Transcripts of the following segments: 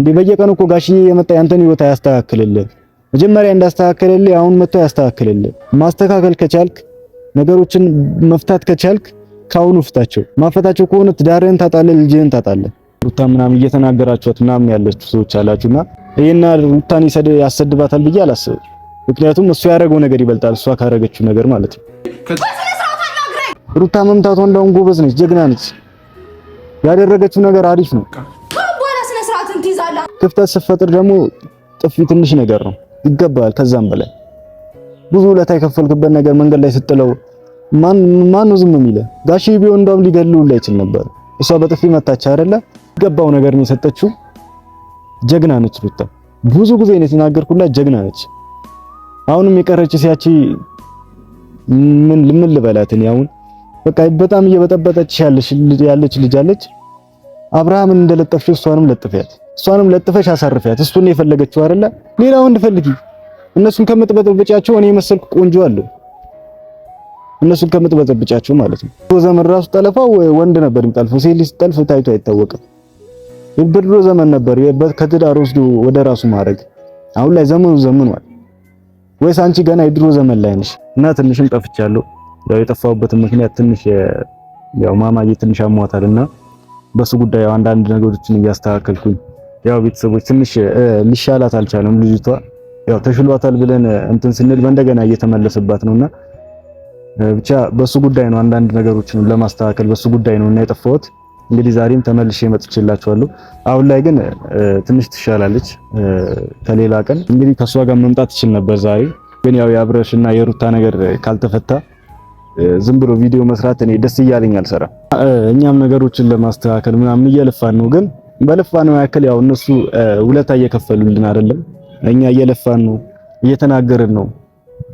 እንዴ በየቀኑ እኮ ጋሽዬ የመጣ ያንተን ህይወት አያስተካክልልህ። መጀመሪያ እንዳስተካክልልህ አሁን መጥቶ ያስተካክልልህ። ማስተካከል ከቻልክ ነገሮችን መፍታት ከቻልክ ካሁኑ ፍታቸው። ማፈታቸው ከሆነ ትዳርህን ታጣለህ፣ ልጅህን ታጣለህ። ሩታ ምናምን እየተናገራችኋት ምናምን ያለችሁ ሰዎች አላችሁና ይሄና ሩታን ያሰድባታል ብዬ አላስብም። ምክንያቱም እሱ ያደረገው ነገር ይበልጣል እሷ ካደረገችው ነገር ማለት ነው። ሩታ መምታቷ እንደውም ጎበዝ ነች፣ ጀግና ነች። ያደረገችው ነገር አሪፍ ነው። ክፍተት ስፈጥር ደግሞ ጥፊ ትንሽ ነገር ነው፣ ይገባል። ከዛም በላይ ብዙ ውለታ የከፈልክበት ነገር መንገድ ላይ ስጥለው ማን ማን ነው ዝም የሚለ? ጋሺ ቢሆን እንደውም ሊገልሉ ላይ ይችል ነበር። እሷ በጥፊ መታች አይደለ? ይገባው ነገር ነው የሰጠችው። ጀግና ነች ሩታ። ብዙ ጊዜ ነው የተናገርኩላት፣ ጀግና ነች። አሁንም የቀረች ሲያቺ ምን ምን ልበላት እኔ በቃ በጣም እየበጠበጠች ያለች ልጅ አለች። አብርሃምን እንደለጠፍሽ እሷንም ለጥፊያት። እሷንም ለጥፈሽ አሳርፊያት። እሱ ነው የፈለገችው አይደለ? ሌላ ወንድ ፈልጊ። እነሱን ከምትበጠብጫቸው እኔ መሰልኩ ቆንጆ አለ። እነሱን ከምትበጠብጫቸው ማለት ነው። ድሮ ዘመን ራሱ ጠለፋው ወንድ ነበር የሚጠልፈው፣ ሴት ልጅ ስትጠልፍ ታይቶ አይታወቅም። በድሮ ዘመን ነበር ከትዳር ወስዶ ወደ ራሱ ማድረግ። አሁን ላይ ዘመኑ ዘምኗል። ወይስ አንቺ ገና የድሮ ዘመን ላይ ነሽ? እና ትንሽም ጠፍቻለሁ። ያው የጠፋሁበትን ምክንያት ትንሽ ያው ማማዬ ትንሽ አሟታልና በሱ ጉዳይ አንዳንድ ነገሮችን እያስተካከልኩኝ ያው ቤተሰቦች ትንሽ ሊሻላት አልቻለም። ልጅቷ ያው ተሽሏታል ብለን እንትን ስንል በእንደገና እየተመለሰባት ነውና ብቻ በሱ ጉዳይ ነው አንዳንድ ነገሮችን ለማስተካከል በሱ ጉዳይ ነው እና የጠፋሁት እንግዲህ ዛሬም ተመልሼ መጥቼላችኋለሁ። አሁን ላይ ግን ትንሽ ትሻላለች። ከሌላ ቀን እንግዲህ ከሷ ጋር መምጣት ይችል ነበር። ዛሬ ግን ያው የአብረሽ እና የሩታ ነገር ካልተፈታ ዝም ብሎ ቪዲዮ መስራት እኔ ደስ እያለኝ አልሰራም። እኛም ነገሮችን ለማስተካከል ምናምን እየለፋን ነው ግን በለፋን መካከል ያው እነሱ ውለታ እየከፈሉልን አይደለም፣ እኛ እየለፋን ነው፣ እየተናገርን ነው፣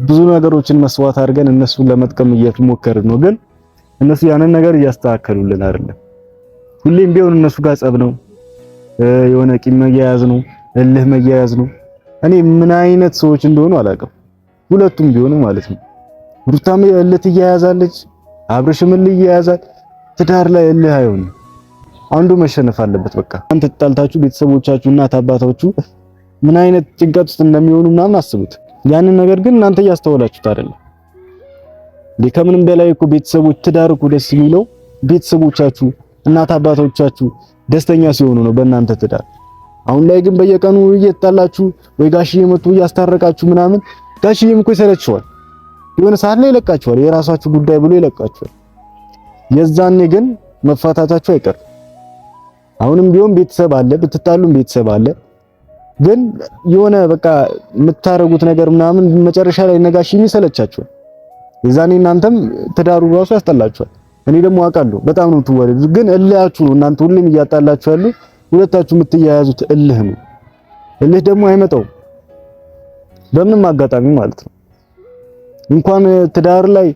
ብዙ ነገሮችን መስዋዕት አድርገን እነሱን ለመጥቀም እየሞከርን ነው። ግን እነሱ ያንን ነገር እያስተካከሉልን አይደለም። ሁሌም ቢሆን እነሱ ጋር ጸብ ነው፣ የሆነ ቂም መያያዝ ነው፣ እልህ መያያዝ ነው። እኔ ምን አይነት ሰዎች እንደሆኑ አላውቅም። ሁለቱም ቢሆኑ ማለት ነው። ሩታም እልህ ትያያዛለች፣ አብርሽም እልህ ይያያዛል። ትዳር ላይ እልህ አይሆንም። አንዱ መሸነፍ አለበት። በቃ አንተ ተጣልታችሁ ቤተሰቦቻችሁ እናት አባታችሁ ምን አይነት ጭንቀት ውስጥ እንደሚሆኑ ምናምን አስቡት። ያንን ነገር ግን እናንተ እያስተዋላችሁት አይደለም። ከምንም በላይ እኮ ቤተሰቦች ትዳር እኮ ደስ የሚለው ቤተሰቦቻችሁ እናት አባቶቻችሁ ደስተኛ ሲሆኑ ነው በእናንተ ትዳር። አሁን ላይ ግን በየቀኑ እየተጣላችሁ ወይ ጋሽዬ መጡ እያስታረቃችሁ ምናምን፣ ጋሽዬም እኮ ይሰለችዋል የሆነ ሰዓት ላይ ይለቃችኋል። የራሳችሁ ጉዳይ ብሎ ይለቃችኋል። የዛኔ ግን መፋታታችሁ አይቀርም። አሁንም ቢሆን ቤተሰብ አለ፣ ብትጣሉም ቤተሰብ አለ። ግን የሆነ በቃ የምታረጉት ነገር ምናምን መጨረሻ ላይ ነጋሽ የሚሰለቻቸው የዛኔ እናንተም ትዳሩ ራሱ ያስጠላችኋል። እኔ ደግሞ አውቃለሁ በጣም ነው የምትወደዱ፣ ግን እልሃችሁ ነው እናንተ ሁሌም እያጣላችሁ ያሉ ሁለታችሁ የምትያያዙት እልህ ነው። እልህ ደግሞ አይመጣውም በምንም አጋጣሚ ማለት ነው። እንኳን ትዳር ላይ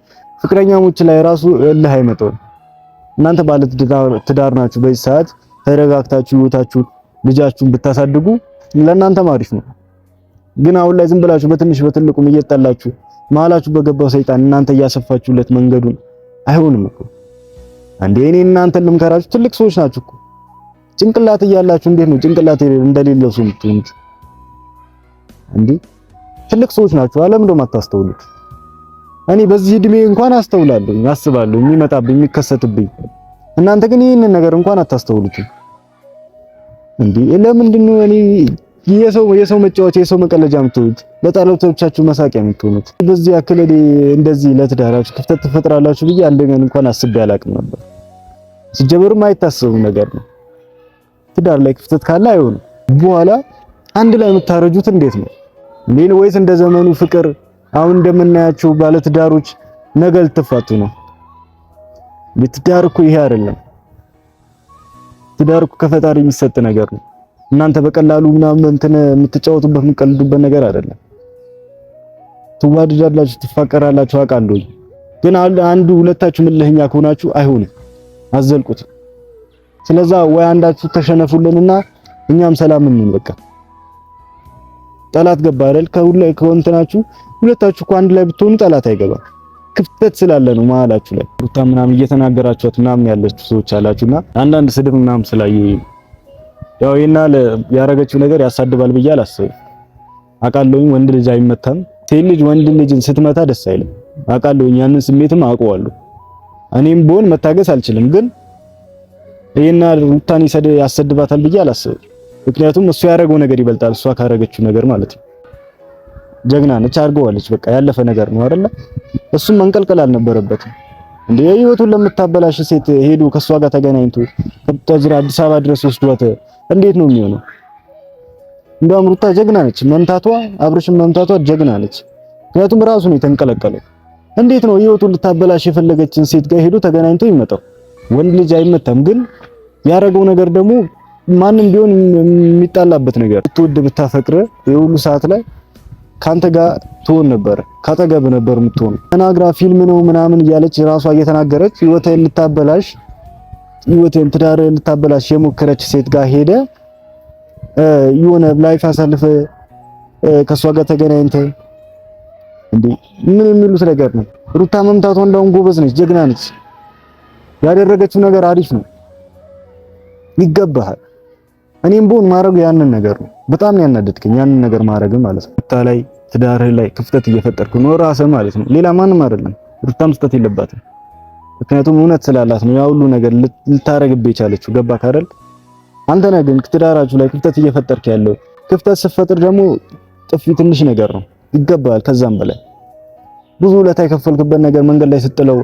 ፍቅረኛሞች ላይ ራሱ እልህ አይመጣውም። እናንተ ባለ ትዳር ናችሁ በዚህ ሰዓት ተረጋግታችሁ ህይወታችሁን ልጃችሁን ብታሳድጉ ለእናንተም አሪፍ ነው። ግን አሁን ላይ ዝም ብላችሁ በትንሽ በትልቁም እየጠላችሁ መሀላችሁ በገባው ሰይጣን እናንተ እያሰፋችሁለት መንገዱን አይሆንም እኮ አንዴ እኔ እናንተ ልምከራችሁ። ትልቅ ሰዎች ናችሁ እኮ ጭንቅላት እያላችሁ እንዴት ነው ጭንቅላት እንደሌለው ሰው የምትሆኑት? እንዴ ትልቅ ሰዎች ናችሁ። አለም እንደውም አታስተውሉት። እኔ በዚህ እድሜ እንኳን አስተውላለሁ፣ አስባለሁ፣ የሚመጣብኝ የሚከሰትብኝ እናንተ ግን ይህንን ነገር እንኳን አታስተውሉትም እንዴ? ለምንድን ነው እኔ የሰው የሰው መጫወቻ የሰው መቀለጃ የምትሆኑት? ለጠላቶቻችሁ መሳቂያ የምትሆኑት? በዚህ ያክል እንደዚህ ለትዳራችሁ ክፍተት ትፈጥራላችሁ ብዬ አንድ ቀን እንኳን አስቤ አላቅም ነበር። ሲጀመርም አይታሰብም ነገር ነው። ትዳር ላይ ክፍተት ካለ አይሆንም። በኋላ አንድ ላይ የምታረጁት እንዴት ነው እንዴ? ወይስ እንደ ዘመኑ ፍቅር አሁን እንደምናያቸው ባለትዳሮች ነገ ልትፋቱ ነው? ትዳር እኮ ይሄ አይደለም። ትዳር እኮ ከፈጣሪ የሚሰጥ ነገር ነው። እናንተ በቀላሉ ምናምን እንትን የምትጫወቱበት የምትቀልዱበት ነገር አይደለም። ትዋደዳላችሁ፣ ትፋቀራላችሁ አውቃለሁ። ግን አንዱ ሁለታችሁ ምልህኛ ከሆናችሁ አይሆንም፣ አዘልቁትም። ስለዛ ወይ አንዳችሁ ተሸነፉልንና እኛም ሰላም ምን በቃ ጠላት ገባ አይደል? ከሁለ ከወንትናችሁ ሁለታችሁ እኮ አንድ ላይ ብትሆኑ ጠላት አይገባም። ክፍተት ስላለ ነው መሀላችሁ ላይ ሩታ ምናምን እየተናገራችኋት ምናምን ያለች ሰዎች አላችሁና አንዳንድ ስድብ ምናምን ስላየ ያው ይሄና ያረገችው ነገር ያሳድባል ብዬ አላስብም። አውቃለሁኝ ወንድ ልጅ አይመታም። ሴት ልጅ ወንድ ልጅን ስትመታ ደስ አይልም። አቃሎኝ ያንን ስሜትም አውቀዋለሁ። እኔም ብሆን መታገስ አልችልም። ግን ይሄና ሩታን ያሰድባታል ብዬ አላስብም። ምክንያቱም እሱ ያደረገው ነገር ይበልጣል እሷ ካረገችው ነገር ማለት ነው። ጀግና ነች፣ አድርገዋለች። በቃ ያለፈ ነገር ነው አይደለ? እሱም መንቀልቀል አልነበረበትም። እንደ ህይወቱን ለምታበላሽ ሴት ሄዱ ከሷ ጋር ተገናኝቶ ተዝራ አዲስ አበባ ድረስ ወስዷት እንዴት ነው የሚሆነው? እንደውም ሩታ ጀግና ነች፣ መምታቷ አብርሽን መምታቷ ጀግና ነች። ምክንያቱም ራሱ ነው የተንቀለቀለው። እንዴት ነው ህይወቱን ልታበላሽ የፈለገችን ሴት ጋር ሄዱ ተገናኝቶ ይመጣው? ወንድ ልጅ አይመታም። ግን ያደረገው ነገር ደግሞ ማንም ቢሆን የሚጣላበት ነገር ብትወድ ብታፈቅር የሁሉ ሰዓት ላይ ካንተ ጋር ትሆን ነበር፣ ካጠገብ ነበር የምትሆን። ተናግራ ፊልም ነው ምናምን እያለች ራሷ እየተናገረች ህይወቴን ልታበላሽ ህይወቴን ትዳር ልታበላሽ የሞከረች ሴት ጋር ሄደ የሆነ ላይፍ አሳልፈ ከእሷ ጋር ተገናኝተ እንዴ ምን የሚሉት ነገር ነው? ሩታ መምታቷ እንዳውም ጎበዝ ነች፣ ጀግና ነች። ያደረገችው ነገር አሪፍ ነው፣ ይገባሃል። እኔም በሆን ማድረጉ ያንን ነገር ነው። በጣም ነው ያናደድከኝ፣ ያንን ነገር ማድረግ ማለት ነው። ታ ላይ ትዳርህ ላይ ክፍተት እየፈጠርኩ ነው ራስህ ማለት ነው። ሌላ ማንም አይደለም። ሩታም ስህተት የለባትም። ምክንያቱም እውነት ስላላት ነው ያ ሁሉ ነገር ልታረግብህ የቻለችው። ገባ ካረል አንተ ነህ ግን ትዳራችሁ ላይ ክፍተት እየፈጠርክ ያለው። ክፍተት ስትፈጥር ደግሞ ጥፊ ትንሽ ነገር ነው፣ ይገባል። ከዛም በላይ ብዙ ውለታ የከፈልክበት ነገር መንገድ ላይ ስጥለው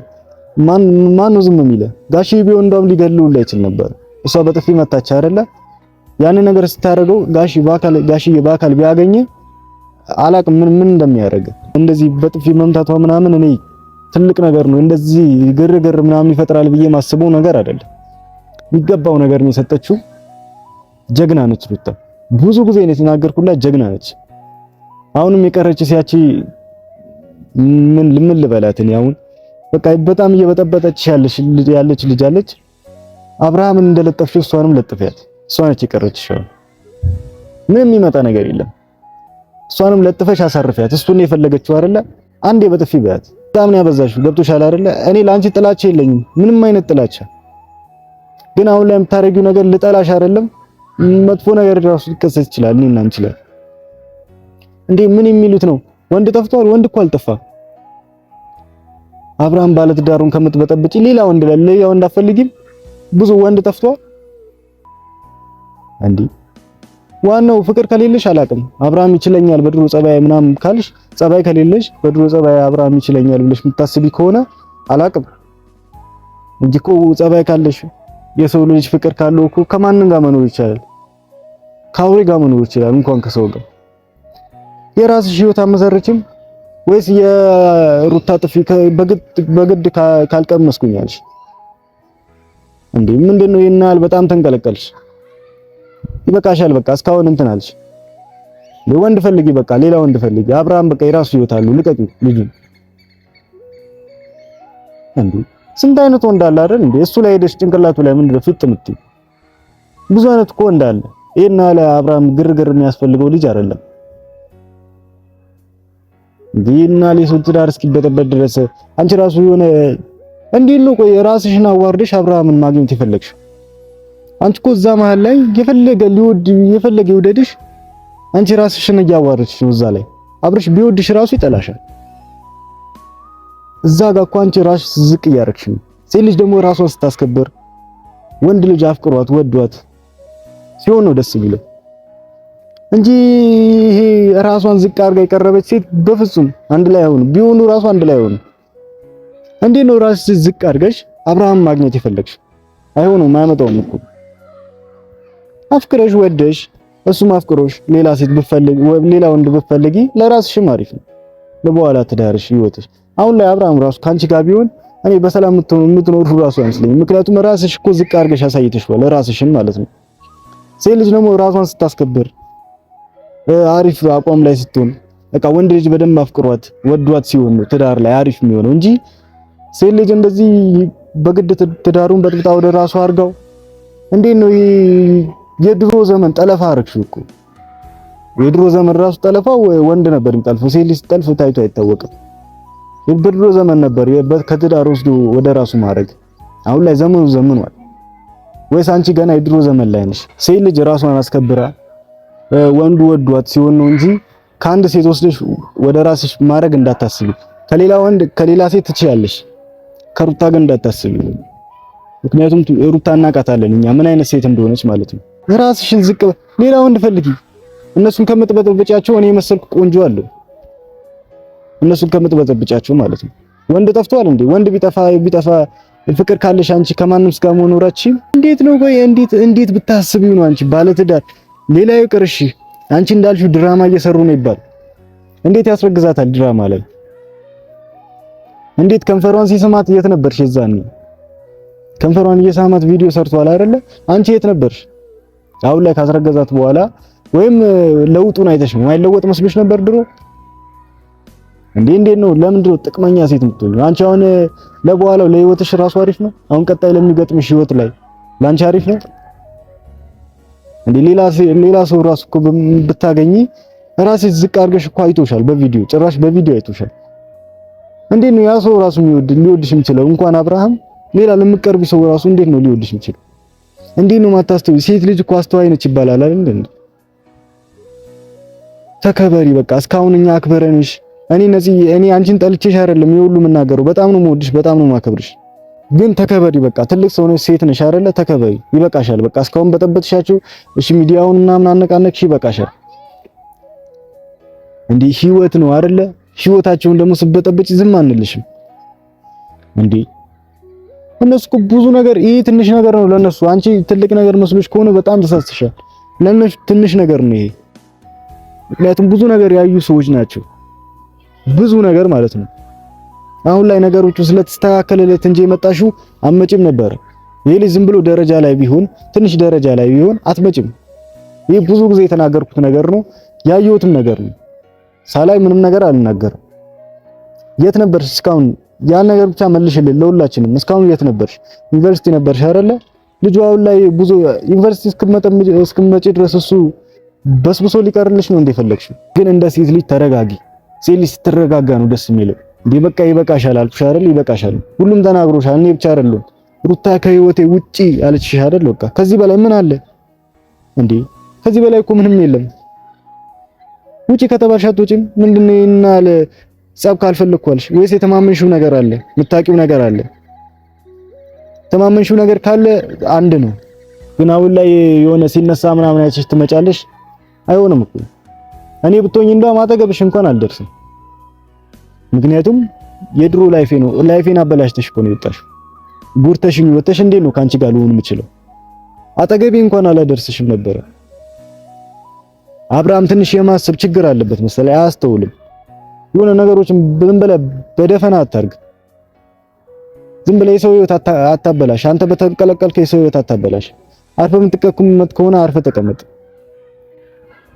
ማን ማን ነው ዝም የሚልህ? ጋሼ ቢሆን እንደውም ሊገልሉ ላይ አይችል ነበር። እሷ በጥፊ መታች አይደለ? ያንን ነገር ስታደርገው ጋሽ በአካል ጋሽዬ በአካል ቢያገኘ አላቅም ምን ምን እንደሚያደርግ። እንደዚህ በጥፊ መምታቷ ምናምን እኔ ትልቅ ነገር ነው። እንደዚህ ግርግር ምናምን ይፈጥራል ብዬ ማስበው ነገር አይደለም። የሚገባው ነገር ነው የሰጠችው። ጀግና ነች ሩታ። ብዙ ጊዜ ነው የተናገርኩላት፣ ጀግና ነች። አሁንም የቀረች ሲያቺ ምን ምን ልበላት እኔ አሁን በቃ በጣም እየበጠበጠች ያለች ልጅ አለች። አብርሃምን እንደለጠፍሽ እሷንም ለጥፊያት። እሷ ነች የቀረችሽ። ምንም የሚመጣ ነገር የለም። እሷንም ለጥፈሽ አሳርፊያት። እሱ ነው የፈለገችው አይደለ? አንዴ በጥፊ በያት። በጣም ነው ያበዛሽው። ገብቶሻል አይደለ? እኔ ለአንቺ ጥላቻ የለኝም፣ ምንም አይነት ጥላቻ። ግን አሁን ላይ የምታረጊው ነገር ልጠላሽ አይደለም፣ መጥፎ ነገር ራሱ ሊከሰት ይችላል። እኔና አንቺ ላይ እንዴ ምን የሚሉት ነው? ወንድ ጠፍቷል? ወንድ እኮ አልጠፋ። አብርሃም ባለትዳሩን ከምትበጠብጪ ሌላ ወንድ ሌላ ወንድ አፈልጊም። ብዙ ወንድ ጠፍቷል። እንዲ ዋናው ፍቅር ከሌለሽ አላቅም አብርሃም ይችለኛል በድሮ ጸባይ ምናምን ካልሽ ጸባይ ከሌለሽ በድሮ ጸባይ አብርሃም ይችለኛል ብለሽ የምታስቢ ከሆነ አላቅም እንጂ እኮ ጸባይ ካለሽ የሰው ልጅ ፍቅር ካለው እኮ ከማንም ጋር መኖር ይችላል ከአውሬ ጋር መኖር ይችላል፣ እንኳን ከሰው ጋር። የራስሽ ህይወት አመሰረችም ወይስ የሩታ ጥፊ በግድ ካልቀመስኩኛልሽ እንዴ? ምንድነው ይናል? በጣም ተንቀለቀልሽ። ይበቃሻል። በቃ እስካሁን እንትን አልሽ። ወንድ ፈልጊ፣ በቃ ሌላ ወንድ ፈልጊ። አብርሃም በቃ የራሱ ህይወት አለው። ልቀቂ ልጁ። እንዴ ስንት አይነት ወንድ አለ አይደል? እንዴ እሱ ላይ ሄደሽ ጭንቅላቱ ላይ ምን ፍጥ የምትይው ብዙ አይነት እኮ ወንድ አለ። ይሄን አብርሃም ግርግር የሚያስፈልገው ልጅ አይደለም። ዲና ለሱ ትዳር እስኪበጠበት ድረስ አንቺ ራሱ የሆነ እንዴት ነው ቆይ ራስሽን አዋርደሽ አብርሃምን ማግኘት የፈለግሽ? አንቺ እኮ እዛ መሀል ላይ የፈለገ ሊወድ የፈለገ ይውደድሽ፣ አንቺ ራስሽን እያዋረድሽ ነው። እዛ ላይ አብርሽ ቢወድሽ ራሱ ይጠላሻል። እዛ ጋር እኮ አንቺ ራስሽ ዝቅ እያረግሽ ነው። ሴት ልጅ ደግሞ ራሷን ስታስከብር፣ ወንድ ልጅ አፍቅሯት ወዷት ሲሆን ነው ደስ የሚለው እንጂ ይሄ ራሷን ዝቅ አድርጋ የቀረበች ሴት በፍጹም አንድ ላይ አይሆንም። ቢሆኑ ራሱ አንድ ላይ አይሆንም። እንዴት ነው ራስሽ ዝቅ አድርገሽ አብርሃም ማግኘት የፈለግሽ? አይሆንም፣ አያመጣውም እኮ አፍቅረሽ ወደሽ እሱም አፍቅሮሽ ሌላ ሴት ብትፈልጊ ሌላ ወንድ ብፈልጊ ለራስሽም አሪፍ ነው። ለበኋላ ትዳርሽ ይወጥሽ። አሁን ላይ አብርሃም ራሱ ካንቺ ጋር ቢሆን እኔ በሰላም የምትኖር ራሱ አይመስለኝም። ምክንያቱም ራስሽ እኮ ዝቅ አድርገሽ አሳይተሽዋል፣ ራስሽን ማለት ነው። ሴት ልጅ ደግሞ ራሷን ስታስከብር አሪፍ አቋም ላይ ስትሆን በቃ ወንድ ልጅ በደንብ አፍቅሯት ወዷት ሲሆን ነው ትዳር ላይ አሪፍ የሚሆነው እንጂ ሴት ልጅ እንደዚህ በግድ ትዳሩን በጥብጣ ወደ ራሱ አድርጋው እንዴት ነው የድሮ ዘመን ጠለፋ አረግሽው እኮ። የድሮ ዘመን ራሱ ጠለፋው ወንድ ነበር የሚጠልፈው፣ ሴት ልጅ ታይቶ አይታወቅም። በድሮ ዘመን ነበር ከትዳር ወስዶ ወደ ራሱ ማድረግ። አሁን ላይ ዘመኑ ዘምኗል። ወይስ አንቺ ገና የድሮ ዘመን ላይ ነሽ? ሴት ልጅ ራሷን አስከብራ ወንዱ ወዷት ሲሆን ነው እንጂ ከአንድ ሴት ወስደሽ ወደ ራስሽ ማድረግ እንዳታስቢ። ከሌላ ወንድ ከሌላ ሴት ትችያለሽ፣ ከሩታ ግን እንዳታስቢ። ምክንያቱም ሩታ እናውቃታለን እኛ ምን አይነት ሴት እንደሆነች ማለት ነው። ራስሽን ዝቅ ሌላ ወንድ ፈልጊ። እነሱን ከምትበጠብጫቸው እኔ የመሰልኩ ቆንጆ አለው። እነሱን ከምትበጠብጫቸው ማለት ነው። ወንድ ጠፍቷል እንዴ? ወንድ ቢጠፋ ቢጠፋ ፍቅር ካለሽ አንቺ ከማንም ጋር መኖራች እንዴት ነው? ቆይ እንዴት እንዴት ብታስቢው ነው አንቺ ባለትዳር ሌላ ይቅርሽ። አንቺ እንዳልሽው ድራማ እየሰሩ ነው ይባል። እንዴት ያስረግዛታል ድራማ ላይ? እንዴት ከንፈሯን ሲስማት የት ነበርሽ? የዛን ከንፈሯን እየሳማት ቪዲዮ ሰርቷል አይደለ? አንቺ የት ነበርሽ? አሁን ላይ ካስረገዛት በኋላ ወይም ለውጡን አይተሽ ነው የማይለወጥ መስሎሽ ነበር ድሮ እንዴ? እንዴ ነው? ለምንድን ነው ጥቅመኛ ሴት የምትሆኚ? አንቺ አሁን ለበኋላው ለህይወትሽ ራሱ አሪፍ ነው። አሁን ቀጣይ ለሚገጥምሽ ህይወት ላይ ላንቺ አሪፍ ነው እንዴ? ሌላ ሌላ ሰው ራሱ እኮ ብታገኚ ራሴ ዝቅ አድርገሽ እኮ አይቶሻል፣ በቪዲዮ ጭራሽ በቪዲዮ አይቶሻል። እንዴ ነው ያ ሰው ራሱ ሊወድሽ የሚችለው? እንኳን አብርሃም ሌላ ለምትቀርቢ ሰው ራሱ እንዴት ነው ሊወድሽ የሚችለው? እንዴ ነው ማታስተው? ሴት ልጅ እኮ አስተዋይ ነች ይባላል አይደል እንዴ? ተከበሪ በቃ። እስካሁን እኛ አክበረንሽ። እኔ ነዚህ እኔ አንቺን ጠልቼሽ አይደለም የሁሉ የምናገረው። በጣም ነው የምወድሽ፣ በጣም ነው የማከብርሽ። ግን ተከበሪ በቃ። ትልቅ ሰው ነሽ፣ ሴት ነሽ አይደለ? ተከበሪ። ይበቃሻል በቃ። እስካሁን በጠበትሻቸው። እሺ ሚዲያውን ምናምን አነቃነቅሽ፣ ይበቃሻል። እንዴ ህይወት ነው አይደለ? ህይወታቸውን ደግሞ ስበጠበጭ ዝም አንልሽም እንዴ እነሱ እኮ ብዙ ነገር ይሄ ትንሽ ነገር ነው ለነሱ። አንቺ ትልቅ ነገር መስሎሽ ከሆነ በጣም ተሳስተሻል። ለነሱ ትንሽ ነገር ነው ይሄ። ምክንያቱም ብዙ ነገር ያዩ ሰዎች ናቸው። ብዙ ነገር ማለት ነው። አሁን ላይ ነገሮቹ ስለተስተካከለለት እንጂ የመጣሽው አትመጭም ነበር። ይሄ ልጅ ዝም ብሎ ደረጃ ላይ ቢሆን ትንሽ ደረጃ ላይ ቢሆን አትመጭም። ይሄ ብዙ ጊዜ የተናገርኩት ነገር ነው፣ ያየሁትም ነገር ነው። ሳላይ ምንም ነገር አልናገርም። የት ነበር እስካሁን ያን ነገር ብቻ መልሽልን ለሁላችንም። እስካሁን የት ነበርሽ? ዩኒቨርሲቲ ነበርሽ አይደለ? ልጁ አሁን ላይ ጉዞ ዩኒቨርሲቲ እስክመጪ ድረስ እሱ በስብሶ ሊቀርልሽ ነው እንደፈለግሽ። ግን እንደ ሴት ልጅ ተረጋጊ። ሴት ልጅ ስትረጋጋ ነው ደስ የሚለው። እንዴ በቃ ይበቃሻል አልኩሽ አይደል? ይበቃሻል። ሁሉም ተናግሮሻል። እኔ ብቻ አይደለም ሩታ ከህይወቴ ውጪ አለችሽ አይደል? በቃ ከዚህ በላይ ምን አለ እንዴ? ከዚህ በላይ እኮ ምንም የለም። ውጪ ከተባልሽ አትወጪም። ምንድነው ይናል ጸብ ካልፈለግኩ አልሽ ወይስ የተማመንሽው ነገር አለ? የምታውቂው ነገር አለ? የተማመንሽው ነገር ካለ አንድ ነው። ግን አሁን ላይ የሆነ ሲነሳ ምናምን አይተሽ ትመጫለሽ። አይሆንም እኮ እኔ ብትሆኝ እንደው ማጠገብሽ እንኳን አልደርስም። ምክንያቱም የድሮ ላይፌ ነው። ላይፌን አበላሽተሽ እኮ ነው የወጣሽው። ጉርተሽኝ ወተሽ እንዴት ነው ካንቺ ጋር ልሆን የምችለው? አጠገቤ እንኳን አላደርስሽም ነበረ። አብርሃም ትንሽ የማሰብ ችግር አለበት መሰለኝ፣ አያስተውልም። የሆነ ነገሮችን ዝም ብለህ በደፈና አታርግ። ዝም ብለህ የሰው ህይወት አታበላሽ። አንተ በተንቀለቀልክ የሰው ህይወት አታበላሽ። አርፈ የምትቀመጥ ከሆነ አርፈ ተቀመጥ።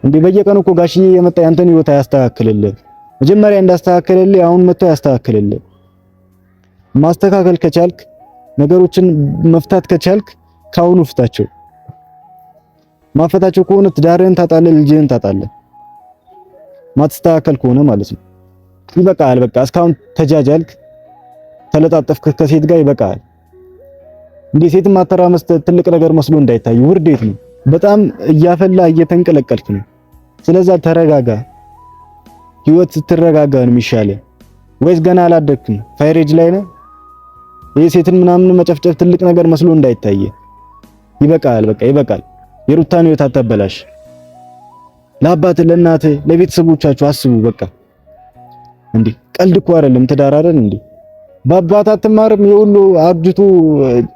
እንዴ በየቀኑ እኮ ጋሽዬ የመጣ ያንተን ህይወት አያስተካክልልህ። መጀመሪያ እንዳስተካክልልህ አሁን መጥቶ አያስተካክልልህ። ማስተካከል ከቻልክ ነገሮችን መፍታት ከቻልክ ካሁኑ ፍታቸው። ማፈታቸው ከሆነ ትዳርህን ታጣለህ፣ ልጅህን ታጣለህ። ማትስተካከል ከሆነ ማለት ነው። ይበቃል። በቃ እስካሁን ተጃጃልክ፣ ተለጣጠፍክ ከሴት ጋር ይበቃል። እንዴ ሴት ማተራመስ ትልቅ ነገር መስሎ እንዳይታይ ውርዴት ነው። በጣም እያፈላ እየተንቀለቀልክ ነው። ስለዛ ተረጋጋ። ህይወት ስትረጋጋ ነው የሚሻለው። ወይስ ገና አላደግክም? ፋይሬጅ ላይ ነህ? ይሄ ሴትን ምናምን መጨፍጨፍ ትልቅ ነገር መስሎ እንዳይታይ ይበቃል። በቃ ይበቃል። የሩታን ህይወት አታበላሽ። ለአባት ለእናት ለቤተሰቦቻችሁ አስቡ በቃ እንዴ ቀልድ እኮ አይደለም። ትዳር አይደል እንዴ? በአባት አትማርም? የሁሉ አርጅቶ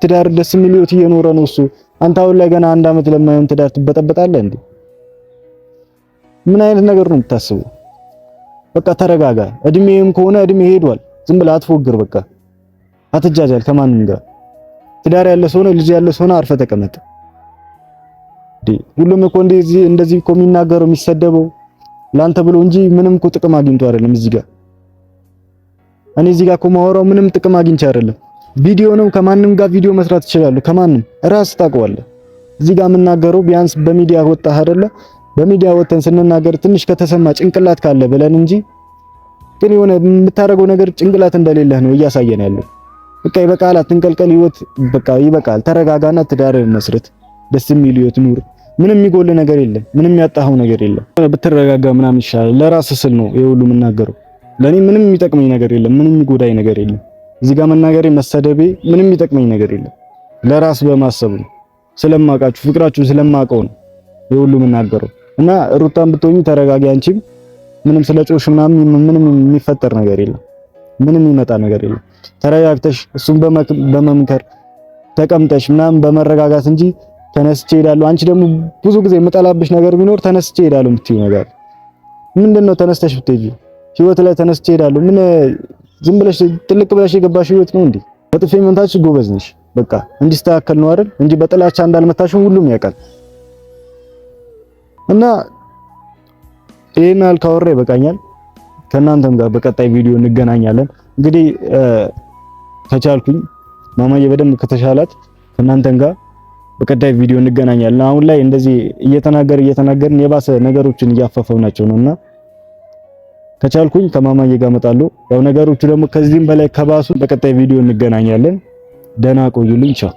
ትዳር ደስ የሚል ህይወት እየኖረ ነው እሱ። አንተ አሁን ላይ ገና አንድ አመት ለማይሆን ትዳር ትበጠበጣለህ እንዴ? ምን አይነት ነገር ነው የምታስበው? በቃ ተረጋጋ። እድሜም ከሆነ እድሜ ሄዷል። ዝም ብለህ አትፎግር። በቃ አትጃጃል ከማንም ጋር። ትዳር ያለ ሰው ነው፣ ልጅ ያለ ሰው ነው። አርፈህ ተቀመጥ። ሁሉም እኮ እንደዚህ እንደዚህ እኮ የሚናገረው የሚሰደበው ላንተ ብሎ እንጂ ምንም እኮ ጥቅም አግኝቶ አይደለም እዚህ ጋር እኔ እዚህ ጋር እኮ ማወራው ምንም ጥቅም አግኝቼ አይደለም። ቪዲዮ ነው። ከማንም ጋር ቪዲዮ መስራት እችላለሁ። ከማንም ራስ ታውቀዋለህ። እዚህ ጋር የምናገረው ቢያንስ በሚዲያ ወጣ አይደለ? በሚዲያ ወጥተን ስንናገር ትንሽ ከተሰማ ጭንቅላት ካለ ብለን እንጂ ግን የሆነ የምታደርገው ነገር ጭንቅላት እንደሌለህ ነው እያሳየን ያለው። በቃ ይበቃል፣ አትንቀልቀል፣ ህይወት በቃ ይበቃል። ተረጋጋና ትዳርህን መስርት፣ ደስ የሚል ህይወት ኑር። ምንም የሚጎል ነገር የለም፣ ምንም ያጣኸው ነገር የለም። ብትረጋጋ ምናምን ይሻላል። ለራስ ስል ነው የሁሉ የምናገረው። ለኔ ምንም የሚጠቅመኝ ነገር የለም፣ ምንም የሚጎዳኝ ነገር የለም። እዚህ ጋር መናገሬ፣ መሰደቤ ምንም የሚጠቅመኝ ነገር የለም። ለራስ በማሰብ ነው፣ ስለማውቃችሁ፣ ፍቅራችሁን ስለማውቀው ነው የሁሉ የምናገረው። እና ሩታን ብትሆኝ ተረጋጊ። አንቺም ምንም ስለ ጮሽ ምናምን ምንም የሚፈጠር ነገር የለም፣ ምንም የሚመጣ ነገር የለም። ተረጋግተሽ እሱን በመምከር ተቀምጠሽ ምናምን በመረጋጋት እንጂ ተነስቼ እሄዳለሁ። አንቺ ደግሞ ብዙ ጊዜ የምጠላብሽ ነገር ቢኖር ተነስቼ እሄዳለሁ የምትይው ነገር ምንድን ነው? ተነስተሽ ብትሄጂ ህይወት ላይ ተነስቼ እሄዳለሁ። ምን ዝም ብለሽ ትልቅ ብለሽ የገባሽ ህይወት ነው እንዴ? በጥፊ መምታትሽ ጎበዝ ነሽ፣ በቃ እንዲስተካከል ነው አይደል እንጂ በጥላቻ እንዳልመታሽም ሁሉም ያውቃል። እና ይሄን ያህል ካወራ ይበቃኛል። ከእናንተም ጋር በቀጣይ ቪዲዮ እንገናኛለን። እንግዲህ ከቻልኩኝ ማማዬ በደንብ ከተሻላት ከእናንተም ጋር በቀጣይ ቪዲዮ እንገናኛለን። አሁን ላይ እንደዚህ እየተናገር እየተናገርን የባሰ ነገሮችን እያፋፈው ናቸው ነውና ከቻልኩኝ ከማማዬ ጋር እመጣለሁ። ያው ነገሮቹ ደግሞ ከዚህም በላይ ከባሱ በቀጣይ ቪዲዮ እንገናኛለን። ደህና ቆዩልኝ። ቻው